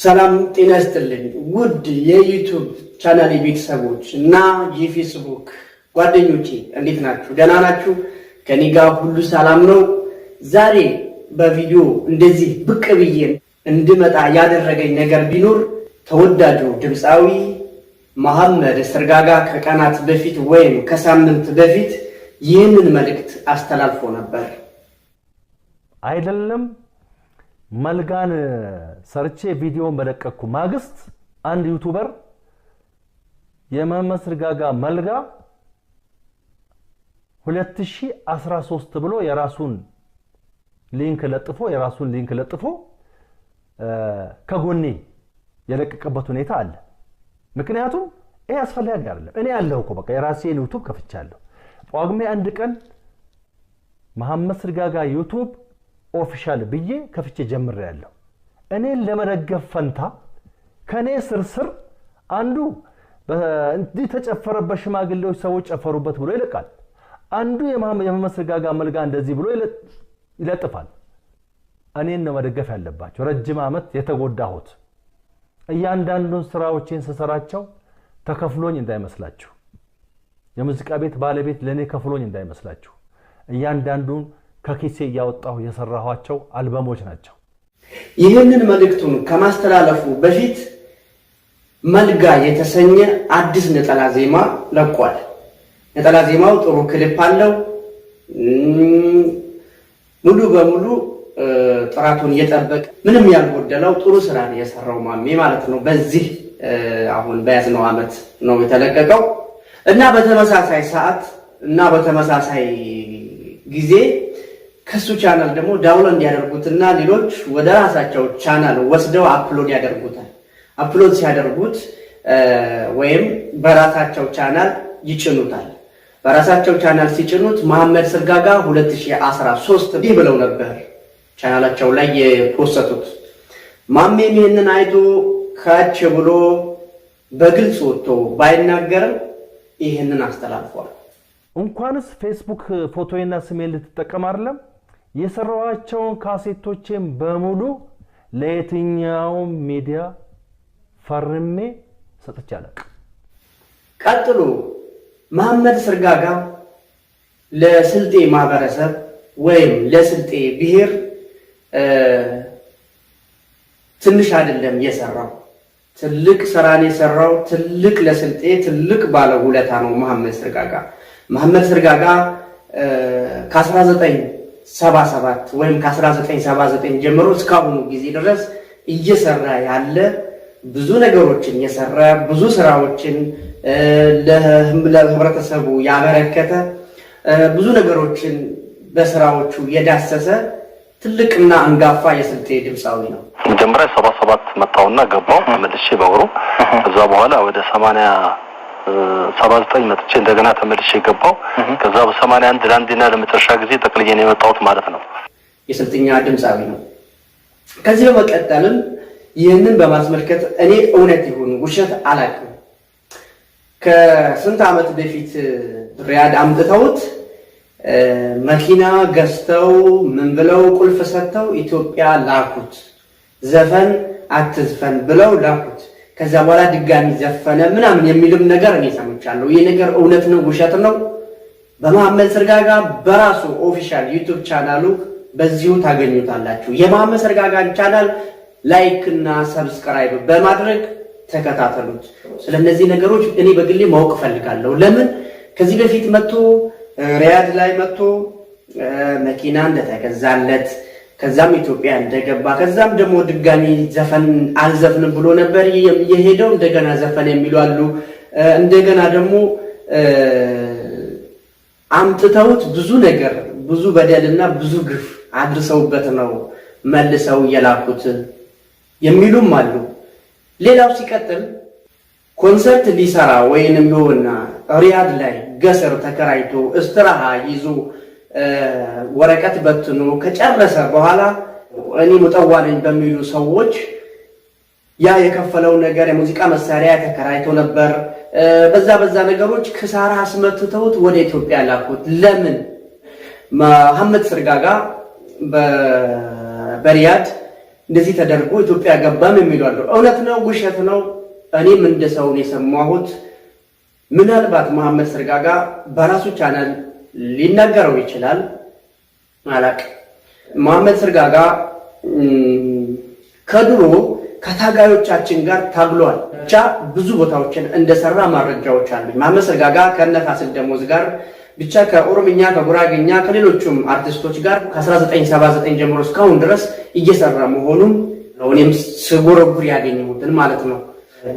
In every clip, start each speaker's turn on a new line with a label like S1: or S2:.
S1: ሰላም ጤና ይስጥልኝ ውድ የዩቱብ ቻናል ቤተሰቦች እና የፌስቡክ ጓደኞቼ እንዴት ናችሁ? ደህና ናችሁ? ከኔ ጋር ሁሉ ሰላም ነው። ዛሬ በቪዲዮ እንደዚህ ብቅ ብዬ እንድመጣ ያደረገኝ ነገር ቢኖር ተወዳጁ ድምፃዊ መሐመድ ስርጋጋ ከቀናት በፊት ወይም ከሳምንት በፊት ይህንን መልእክት አስተላልፎ ነበር
S2: አይደለም መልጋን ሰርቼ ቪዲዮን በለቀኩ ማግስት አንድ ዩቱበር የመህመድ ስርጋጋ መልጋ 2013 ብሎ የራሱን ሊንክ ለጥፎ የራሱን ሊንክ ለጥፎ ከጎኔ የለቀቀበት ሁኔታ አለ። ምክንያቱም ይሄ አስፈላጊ አይደለም። እኔ ያለሁ እኮ በቃ የራሴን ዩቱብ ከፍቻለሁ። ጳጉሜ አንድ ቀን መሐመድ ስርጋጋ ዩቱብ ኦፊሻል ብዬ ከፍቼ ጀምር ያለው እኔን ለመደገፍ ፈንታ ከእኔ ስር ስር አንዱ እንዲህ ተጨፈረበት ሽማግሌዎች ሰዎች ጨፈሩበት ብሎ ይለቃል። አንዱ የመመስጋጋ መልጋ እንደዚህ ብሎ ይለጥፋል። እኔን ነው መደገፍ ያለባቸው። ረጅም ዓመት የተጎዳሁት እያንዳንዱን ስራዎቼን ስሰራቸው ተከፍሎኝ እንዳይመስላችሁ፣ የሙዚቃ ቤት ባለቤት ለእኔ ከፍሎኝ እንዳይመስላችሁ እያንዳንዱን ከኪሴ እያወጣሁ የሰራኋቸው አልበሞች ናቸው።
S1: ይህንን መልእክቱን ከማስተላለፉ በፊት መልጋ የተሰኘ አዲስ ነጠላ ዜማ ለቋል። ነጠላ ዜማው ጥሩ ክሊፕ አለው። ሙሉ በሙሉ ጥራቱን እየጠበቀ ምንም ያልጎደለው ጥሩ ስራ የሰራው ማሜ ማለት ነው። በዚህ አሁን በያዝነው ዓመት ነው የተለቀቀው እና በተመሳሳይ ሰዓት እና በተመሳሳይ ጊዜ ከሱ ቻናል ደግሞ ዳውንሎድ እንዲያደርጉትና ሌሎች ወደ ራሳቸው ቻናል ወስደው አፕሎድ ያደርጉታል። አፕሎድ ሲያደርጉት ወይም በራሳቸው ቻናል ይጭኑታል። በራሳቸው ቻናል ሲጭኑት መሐመድ ስርጋጋ 2013 ዲ ብለው ነበር ቻናላቸው ላይ የፖሰቱት። ማሜም ይህንን አይቶ ካች ብሎ በግልጽ ወጥቶ ባይናገርም ይህንን አስተላልፏል።
S2: እንኳንስ ፌስቡክ ፎቶዬና ስሜን ልትጠቀም አይደለም የሰራኋቸውን ካሴቶቼን በሙሉ ለየትኛውም ሚዲያ ፈርሜ ሰጥቼ አለቅ።
S1: ቀጥሎ መሐመድ ስርጋጋ ለስልጤ ማህበረሰብ ወይም ለስልጤ ብሔር ትንሽ አይደለም የሰራው ትልቅ ስራን የሰራው ትልቅ ለስልጤ ትልቅ ባለውለታ ነው መሐመድ ስርጋጋ። መሐመድ ስርጋጋ ከ19 77 ወይም ከ1979 ጀምሮ እስካሁኑ ጊዜ ድረስ እየሰራ ያለ ብዙ ነገሮችን የሰራ ብዙ ስራዎችን ለህብረተሰቡ ያበረከተ ብዙ ነገሮችን በስራዎቹ የዳሰሰ ትልቅና አንጋፋ የስልጤ ድምፃዊ ነው።
S3: መጀመሪያ ሰባ ሰባት መጣውና ገባው መልሼ በእግሩ ከዛ በኋላ ወደ ሰማንያ ሰባ ዘጠኝ መጥቼ እንደገና ተመልሼ የገባው ከዛ በሰማንያ አንድ ለአንዴና ለመጨረሻ ጊዜ ጠቅልዬን የመጣሁት ማለት ነው።
S1: የስልጥኛ ድምፃዊ ነው። ከዚህ በመቀጠልም ይህንን በማስመልከት እኔ እውነት ይሁን ውሸት አላውቅም። ከስንት ዓመት በፊት ሪያድ አምጥተውት መኪና ገዝተው ምን ብለው ቁልፍ ሰጥተው ኢትዮጵያ ላኩት። ዘፈን አትዝፈን ብለው ላኩት። ከዛ በኋላ ድጋሚ ዘፈነ ምናምን የሚልም ነገር እኔ ሰምቻለሁ። ይህ ነገር እውነት ነው ውሸት ነው? በመሐመድ ስርጋጋ በራሱ ኦፊሻል ዩቱብ ቻናሉ በዚሁ ታገኙታላችሁ። የመሐመድ ስርጋጋን ቻናል ላይክ እና ሰብስክራይብ በማድረግ ተከታተሉት። ስለነዚህ ነገሮች እኔ በግሌ ማወቅ እፈልጋለሁ። ለምን ከዚህ በፊት መጥቶ ሪያድ ላይ መጥቶ መኪና እንደተገዛለት ከዛም ኢትዮጵያ እንደገባ ከዛም ደግሞ ድጋሚ ዘፈን አልዘፍንም ብሎ ነበር የሄደው። እንደገና ዘፈን የሚሉ አሉ። እንደገና ደግሞ አምጥተውት ብዙ ነገር ብዙ እና ብዙ ግፍ አድርሰውበት ነው መልሰው የላኩት የሚሉም አሉ። ሌላው ሲቀጥል ኮንሰርት ሊሰራ ወይንም የሆነ ሪያድ ላይ ገሰር ተከራይቶ እስትራሃ ይዞ ወረቀት በትኖ ከጨረሰ በኋላ እኔ ሙጠዋ ነኝ በሚሉ ሰዎች ያ የከፈለው ነገር የሙዚቃ መሳሪያ ተከራይቶ ነበር። በዛ በዛ ነገሮች ክሳራ አስመትተውት ወደ ኢትዮጵያ ላኩት። ለምን መሐመድ ስርጋጋ በሪያድ እንደዚህ ተደርጎ ኢትዮጵያ ገባም የሚሉ አሉ። እውነት ነው ውሸት ነው? እኔም እንደ ሰውን የሰማሁት ምናልባት መሐመድ ስርጋጋ በራሱ ቻናል ሊነገረው ይችላል። ማላቅ መሐመድ ስርጋጋ ከድሮ ከታጋዮቻችን ጋር ታግሏል። ብቻ ብዙ ቦታዎችን እንደሰራ ማረጃዎች አሉ። መሐመድ ስርጋጋ ከነፋሲል ደሞዝ ጋር ብቻ ከኦሮምኛ ከጉራግኛ ከሌሎቹም አርቲስቶች ጋር ከ1979 ጀምሮ እስካሁን ድረስ እየሰራ መሆኑም እኔም ስጎረጉር ያገኘሁትን ማለት ነው።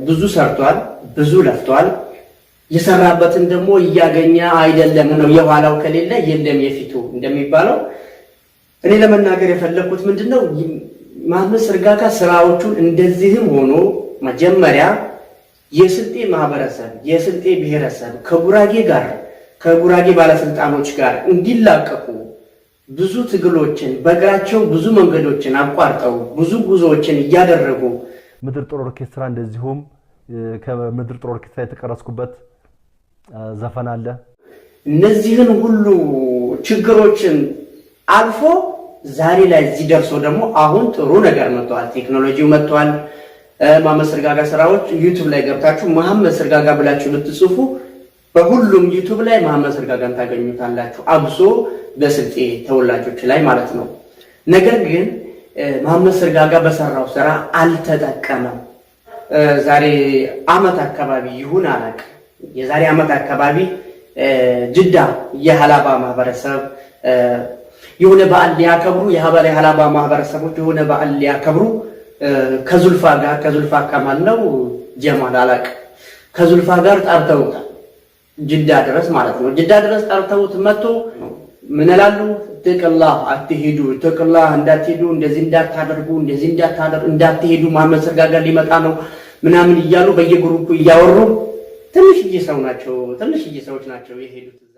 S1: ብዙ ሰርቷል፣ ብዙ ለፍቷል። የሰራበትን ደግሞ እያገኘ አይደለም ነው። የኋላው ከሌለ የለም የፊቱ እንደሚባለው። እኔ ለመናገር የፈለግኩት ምንድን ነው ማህመድ ስርጋካ ስራዎቹን እንደዚህም ሆኖ መጀመሪያ የስልጤ ማህበረሰብ የስልጤ ብሔረሰብ ከጉራጌ ጋር ከጉራጌ ባለስልጣኖች ጋር እንዲላቀቁ ብዙ ትግሎችን በእግራቸው ብዙ መንገዶችን አቋርጠው ብዙ ጉዞዎችን እያደረጉ
S2: ምድር ጦር ኦርኬስትራ እንደዚሁም ከምድር ጦር ኦርኬስትራ የተቀረጽኩበት ዘፈን አለ።
S1: እነዚህን ሁሉ ችግሮችን አልፎ ዛሬ ላይ እዚህ ደርሶ ደግሞ አሁን ጥሩ ነገር መጥተዋል። ቴክኖሎጂው መጥተዋል። ማመስርጋጋ ስራዎች ዩቱብ ላይ ገብታችሁ ማመስርጋጋ ብላችሁ ብትጽፉ በሁሉም ዩቱብ ላይ ማመስርጋጋን ታገኙታላችሁ። አብሶ በስልጤ ተወላጆች ላይ ማለት ነው። ነገር ግን ማመስርጋጋ በሰራው ስራ አልተጠቀመም። ዛሬ አመት አካባቢ ይሁን አላውቅም የዛሬ ዓመት አካባቢ ጅዳ የሀላባ ማህበረሰብ የሆነ በዓል ሊያከብሩ የሀበሬ ሀላባ ማህበረሰቦች የሆነ በዓል ሊያከብሩ ከዙልፋ ጋር ከዙልፋ ከማል ነው ጀማል አላቅ ከዙልፋ ጋር ጠርተውታል። ጅዳ ድረስ ማለት ነው። ጅዳ ድረስ ጠርተውት መጥቶ ምን ላሉ ጥቅላ አትሄዱ፣ ጥቅላ እንዳትሄዱ፣ እንደዚህ እንዳታደርጉ፣ እንደዚህ እንዳታደርጉ፣ እንዳትሄዱ ማመሰጋገር ሊመጣ ነው ምናምን እያሉ በየግሩፑ እያወሩ ትንሽዬ ሰው ናቸው፣ ትንሽዬ ሰዎች ናቸው የሄዱት እዛ።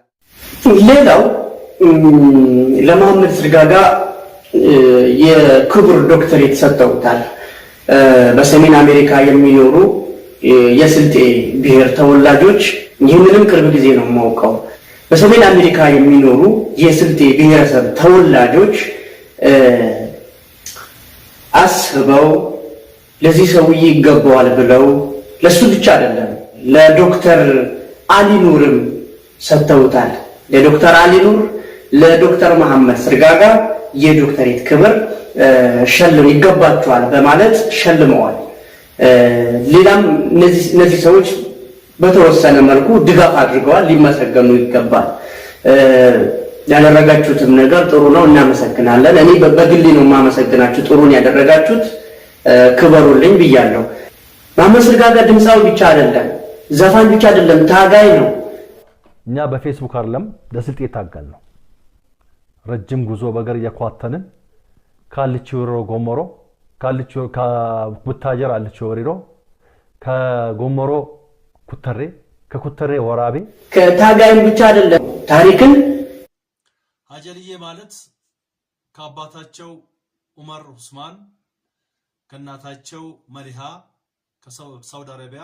S1: ሌላው ለመሐመድ ስልጋጋ የክቡር ዶክተሬት ሰጠውታል። በሰሜን አሜሪካ የሚኖሩ የስልጤ ብሔር ተወላጆች ይህንንም ቅርብ ጊዜ ነው የማውቀው። በሰሜን አሜሪካ የሚኖሩ የስልጤ ብሔረሰብ ተወላጆች አስበው ለዚህ ሰውዬ ይገባዋል ብለው ለሱ ብቻ አይደለም ለዶክተር አሊ ኑርም ሰጥተውታል። ለዶክተር አሊ ኑር፣ ለዶክተር መሐመድ ስርጋጋ የዶክተሬት ክብር ሸልም ይገባቸዋል በማለት ሸልመዋል። ሌላም እነዚህ ሰዎች በተወሰነ መልኩ ድጋፍ አድርገዋል፣ ሊመሰገኑ ይገባል። ያደረጋችሁትም ነገር ጥሩ ነው፣ እናመሰግናለን። እኔ በግሌ ነው የማመሰግናችሁ፣ ጥሩን ያደረጋችሁት ክበሩልኝ ብያለሁ። መሐመድ ስርጋጋ ድምፃዊ ብቻ አይደለም ዘፋኝ ብቻ አይደለም፣ ታጋይ ነው።
S2: እኛ በፌስቡክ አይደለም ለስልጤ የታገል ነው። ረጅም ጉዞ በእግር እየኳተንን ካልቺ ወሮ ጎሞሮ፣ ካልቺ ከቡታጀር አልቺ ወሪሮ፣ ከጎሞሮ ኩተሬ፣ ከኩተሬ ወራቤ።
S1: ከታጋይም ብቻ አይደለም ታሪክን
S4: አጀልዬ ማለት ከአባታቸው ዑመር ዑስማን ከእናታቸው መሊሃ ከሳውዲ አረቢያ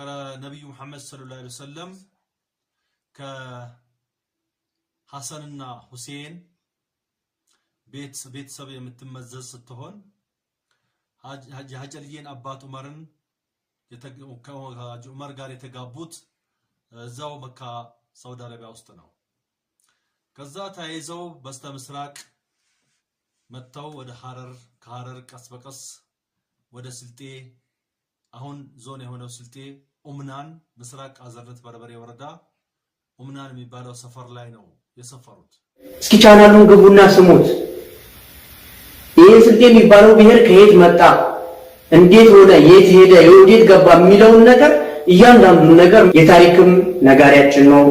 S4: ከነቢዩ መሐመድ ሰለላሁ ዐለይሂ ወሰለም ከሐሰንና ሁሴን ቤተሰብ የምትመዘዝ ስትሆን የሀጀልዬን አባት ዑመርን ዑመር ጋር የተጋቡት እዛው መካ ሳውዲ አረቢያ ውስጥ ነው። ከዛ ተያይዘው በስተ ምስራቅ መጥተው ወደ ሐረር ከሐረር ቀስ በቀስ ወደ ስልጤ አሁን ዞን የሆነው ስልጤ ኡምናን ምስራቅ አዘርት በርበሬ ወረዳ ኡምናን የሚባለው ሰፈር ላይ ነው የሰፈሩት።
S1: እስኪ ቻናሉን ግቡና ስሙት። ይህ ስልጤ የሚባለው ብሔር ከየት መጣ፣ እንዴት ሆነ፣ የት ሄደ፣ የወዴት ገባ የሚለውን ነገር እያንዳንዱ ነገር የታሪክም ነጋሪያችን ነው፣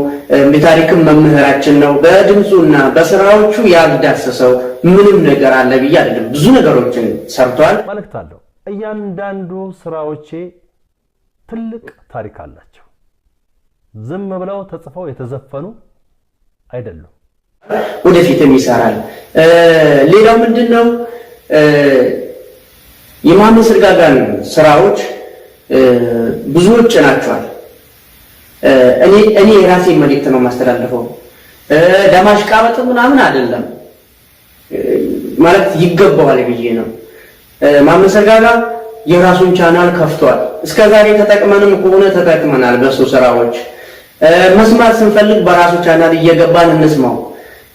S1: የታሪክም መምህራችን ነው። በድምፁና በስራዎቹ ያልዳሰሰው ምንም ነገር አለ ብዬ አይደለም። ብዙ ነገሮችን ሰርቷል።
S2: መልእክት አለው እያንዳንዱ ስራዎቼ ትልቅ ታሪክ አላቸው። ዝም ብለው ተጽፈው የተዘፈኑ አይደሉም።
S1: ወደፊትም ይሰራል። ሌላው ምንድን ነው? የዮሐንስ እርጋጋን ስራዎች ብዙዎች ናቸዋል። እኔ የራሴ መልእክት ነው የማስተላለፈው። ለማሽቃበጥ ምናምን አይደለም ማለት ይገባዋል ብዬ ነው። ዮሐንስ እርጋጋ የራሱን ቻናል ከፍቷል። እስከ ዛሬ ተጠቅመንም ከሆነ ተጠቅመናል በሱ ስራዎች። መስማት ስንፈልግ በራሱ ቻናል እየገባን እንስማው።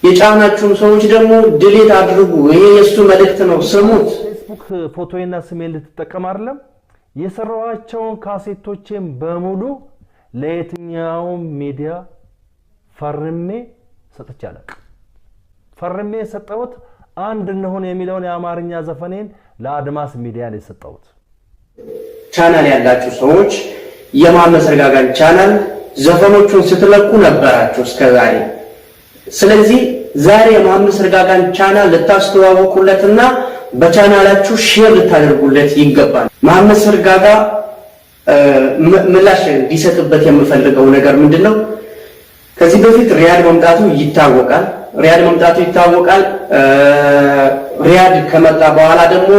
S1: የጫናችሁም ሰዎች ደግሞ ድሌት አድርጉ። ይሄ የእሱ መልእክት ነው፣ ስሙት።
S2: ፌስቡክ ፎቶዬና ስሜን ልትጠቀም አይደለም። የሰራኋቸውን ካሴቶቼን በሙሉ ለየትኛውም ሚዲያ ፈርሜ ሰጥቼ አላውቅም። ፈርሜ የሰጠሁት አንድ እንሁን የሚለውን የአማርኛ ዘፈኔን ለአድማስ ሚዲያ ነው የሰጠሁት።
S1: ቻናል ያላችሁ ሰዎች የማመሰጋጋን ቻናል ዘፈኖቹን ስትለቁ ነበራችሁ እስከዛሬ ስለዚህ ዛሬ የማመሰጋጋን ቻናል ልታስተዋወቁለትና በቻናላችሁ ሼር ልታደርጉለት ይገባል። ማመሰጋጋ ምላሽ እንዲሰጥበት የምፈልገው ነገር ምንድን ነው? ከዚህ በፊት ሪያድ መምጣቱ ይታወቃል። ሪያድ መምጣቱ ይታወቃል። ሪያድ ከመጣ በኋላ ደግሞ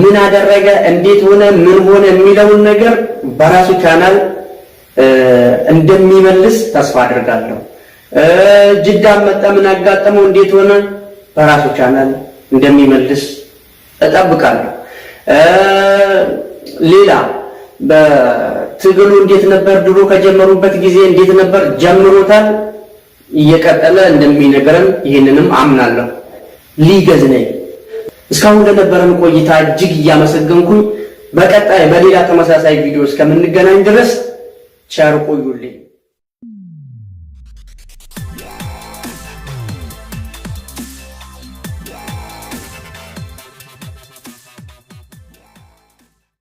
S1: ምን አደረገ፣ እንዴት ሆነ፣ ምን ሆነ የሚለውን ነገር በራሱ ቻናል እንደሚመልስ ተስፋ አድርጋለሁ። ጅዳ መጣ፣ ምን አጋጠመው፣ እንዴት ሆነ፣ በራሱ ቻናል እንደሚመልስ እጠብቃለሁ። ሌላ በትግሉ እንዴት ነበር፣ ድሮ ከጀመሩበት ጊዜ እንዴት ነበር፣ ጀምሮታል፣ እየቀጠለ እንደሚነገረን ይህንንም አምናለሁ። ሊገዝነኝ እስካሁን ለነበረን ቆይታ እጅግ እያመሰገንኩኝ በቀጣይ በሌላ ተመሳሳይ ቪዲዮ እስከምንገናኝ ድረስ ቸር ቆዩልኝ።